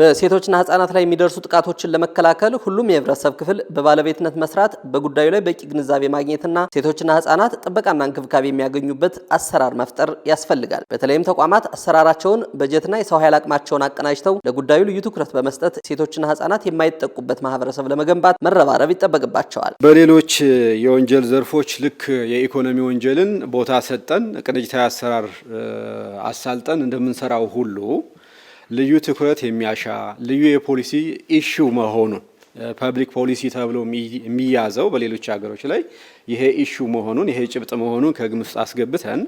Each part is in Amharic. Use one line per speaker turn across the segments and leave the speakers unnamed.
በሴቶችና ህጻናት ላይ የሚደርሱ ጥቃቶችን ለመከላከል ሁሉም የህብረተሰብ ክፍል በባለቤትነት መስራት፣ በጉዳዩ ላይ በቂ ግንዛቤ ማግኘትና ሴቶችና ህጻናት ጥበቃና እንክብካቤ የሚያገኙበት አሰራር መፍጠር ያስፈልጋል። በተለይም ተቋማት አሰራራቸውን፣ በጀትና የሰው ኃይል አቅማቸውን አቀናጅተው ለጉዳዩ ልዩ ትኩረት በመስጠት ሴቶችና ህጻናት የማይጠቁበት ማህበረሰብ ለመገንባት መረባረብ ይጠበቅባቸዋል።
በሌሎች የወንጀል ዘርፎች ልክ የኢኮኖሚ ወንጀልን ቦታ ሰጠን፣ ቅንጅታዊ አሰራር አሳልጠን እንደምንሰራው ሁሉ ልዩ ትኩረት የሚያሻ ልዩ የፖሊሲ ኢሹ መሆኑን ፐብሊክ ፖሊሲ ተብሎ የሚያዘው በሌሎች ሀገሮች ላይ ይሄ ኢሹ መሆኑን ይሄ ጭብጥ መሆኑን ከግምት ውስጥ አስገብተን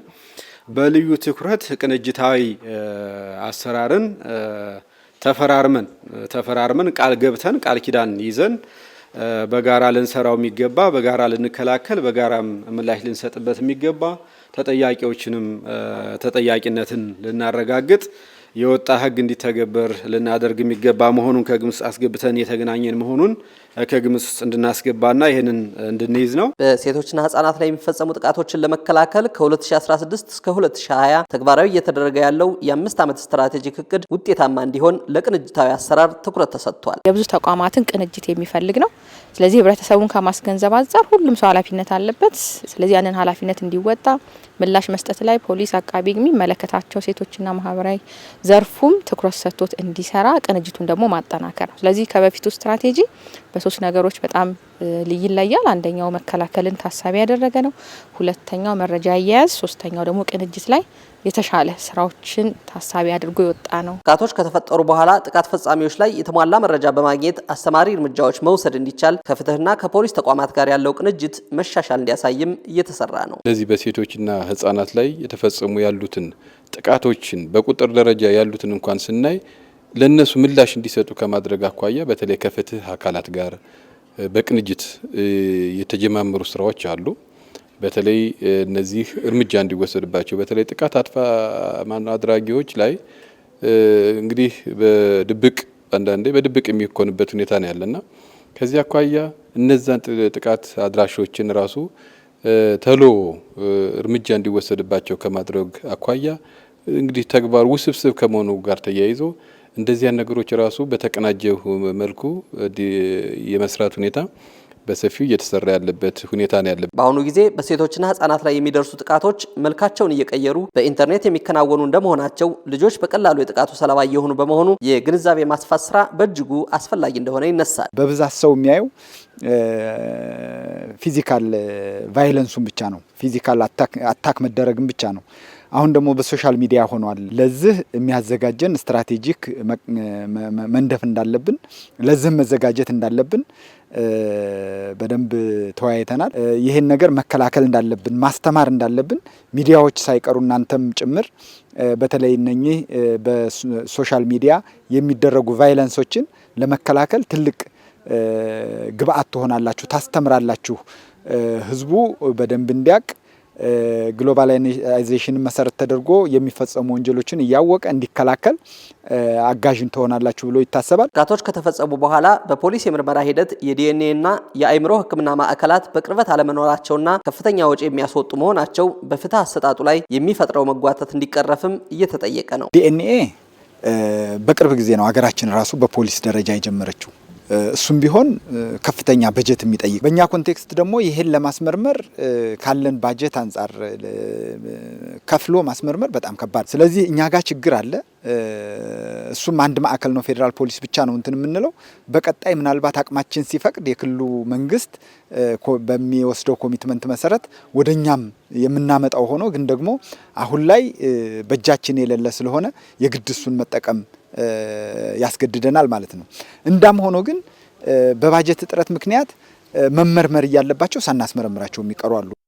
በልዩ ትኩረት ቅንጅታዊ አሰራርን ተፈራርመን ተፈራርመን ቃል ገብተን ቃል ኪዳን ይዘን በጋራ ልንሰራው የሚገባ በጋራ ልንከላከል በጋራም ምላሽ ልንሰጥበት የሚገባ ተጠያቂዎችንም ተጠያቂነትን ልናረጋግጥ የወጣ ህግ እንዲተገበር ልናደርግ የሚገባ መሆኑን ከግምስ አስገብተን የተገናኘን መሆኑን ከግምስ እንድናስገባና ይህንን እንድንይዝ ነው።
በሴቶችና ህጻናት ላይ የሚፈጸሙ ጥቃቶችን ለመከላከል ከ2016 እስከ 2020 ተግባራዊ እየተደረገ ያለው የአምስት ዓመት ስትራቴጂክ እቅድ ውጤታማ እንዲሆን ለቅንጅታዊ አሰራር ትኩረት ተሰጥቷል።
የብዙ ተቋማትን ቅንጅት የሚፈልግ ነው። ስለዚህ ህብረተሰቡን ከማስገንዘብ አንጻር ሁሉም ሰው ኃላፊነት አለበት። ስለዚህ ያንን ኃላፊነት እንዲወጣ ምላሽ መስጠት ላይ ፖሊስ፣ አቃቢ የሚመለከታቸው ሴቶችና ማህበራዊ ዘርፉም ትኩረት ሰጥቶት እንዲሰራ ቅንጅቱን ደግሞ ማጠናከር ነው። ስለዚህ ከበፊቱ ስትራቴጂ በሶስት ነገሮች በጣም ይለያል። አንደኛው መከላከልን ታሳቢ ያደረገ ነው። ሁለተኛው መረጃ አያያዝ፣ ሶስተኛው ደግሞ ቅንጅት ላይ የተሻለ ስራዎችን ታሳቢ አድርጎ የወጣ ነው።
ጥቃቶች ከተፈጠሩ በኋላ ጥቃት ፈጻሚዎች ላይ የተሟላ መረጃ በማግኘት አስተማሪ እርምጃዎች መውሰድ እንዲቻል ከፍትህና ከፖሊስ ተቋማት ጋር ያለው ቅንጅት መሻሻል እንዲያሳይም እየተሰራ ነው።
ስለዚህ በሴቶችና ህጻናት ላይ የተፈጸሙ ያሉትን ጥቃቶችን በቁጥር ደረጃ ያሉትን እንኳን ስናይ ለእነሱ ምላሽ እንዲሰጡ ከማድረግ አኳያ በተለይ ከፍትህ አካላት ጋር በቅንጅት የተጀማመሩ ስራዎች አሉ። በተለይ እነዚህ እርምጃ እንዲወሰድባቸው በተለይ ጥቃት አጥፋ ማነው አድራጊዎች ላይ እንግዲህ በድብቅ አንዳንዴ በድብቅ የሚኮንበት ሁኔታ ነው ያለና ከዚህ አኳያ እነዛን ጥቃት አድራሾችን ራሱ ተሎ እርምጃ እንዲወሰድባቸው ከማድረግ አኳያ እንግዲህ ተግባር ውስብስብ ከመሆኑ ጋር ተያይዞ እንደዚያን ነገሮች ራሱ በተቀናጀ መልኩ የመስራት ሁኔታ በሰፊው እየተሰራ ያለበት ሁኔታ ነው ያለበት።
በአሁኑ ጊዜ በሴቶችና ህጻናት ላይ የሚደርሱ ጥቃቶች መልካቸውን እየቀየሩ በኢንተርኔት የሚከናወኑ እንደመሆናቸው ልጆች በቀላሉ የጥቃቱ ሰለባ እየሆኑ በመሆኑ የግንዛቤ ማስፋት ስራ በእጅጉ አስፈላጊ እንደሆነ ይነሳል።
በብዛት ሰው የሚያየው ፊዚካል ቫይለንሱን ብቻ ነው፣ ፊዚካል አታክ መደረግን ብቻ ነው። አሁን ደግሞ በሶሻል ሚዲያ ሆኗል። ለዚህ የሚያዘጋጀን ስትራቴጂክ መንደፍ እንዳለብን፣ ለዚህ መዘጋጀት እንዳለብን በደንብ ተወያይተናል። ይህን ነገር መከላከል እንዳለብን ማስተማር እንዳለብን ሚዲያዎች ሳይቀሩ እናንተም ጭምር በተለይ እነኚህ በሶሻል ሚዲያ የሚደረጉ ቫይለንሶችን ለመከላከል ትልቅ ግብአት ትሆናላችሁ፣ ታስተምራላችሁ። ህዝቡ በደንብ እንዲያቅ ግሎባላይዜሽንን መሰረት ተደርጎ የሚፈጸሙ ወንጀሎችን እያወቀ እንዲከላከል አጋዥን ትሆናላችሁ ብሎ ይታሰባል።
ጥቃቶች ከተፈጸሙ በኋላ በፖሊስ የምርመራ ሂደት የዲኤንኤና የአእምሮ ሕክምና ማዕከላት በቅርበት አለመኖራቸውና ከፍተኛ ወጪ የሚያስወጡ መሆናቸው በፍትህ አሰጣጡ ላይ የሚፈጥረው መጓተት እንዲቀረፍም እየተጠየቀ ነው።
ዲኤንኤ በቅርብ ጊዜ ነው ሀገራችን ራሱ በፖሊስ ደረጃ የጀመረችው። እሱም ቢሆን ከፍተኛ በጀት የሚጠይቅ በእኛ ኮንቴክስት ደግሞ ይህን ለማስመርመር ካለን ባጀት አንጻር ከፍሎ ማስመርመር በጣም ከባድ። ስለዚህ እኛ ጋር ችግር አለ። እሱም አንድ ማዕከል ነው፣ ፌዴራል ፖሊስ ብቻ ነው እንትን የምንለው። በቀጣይ ምናልባት አቅማችን ሲፈቅድ የክልሉ መንግስት በሚወስደው ኮሚትመንት መሰረት ወደ እኛም የምናመጣው ሆኖ ግን ደግሞ አሁን ላይ በእጃችን የሌለ ስለሆነ የግድ እሱን መጠቀም ያስገድደናል ማለት ነው። እንዳም ሆኖ ግን በባጀት እጥረት ምክንያት መመርመር እያለባቸው ሳናስመረምራቸው የሚቀሩ አሉ።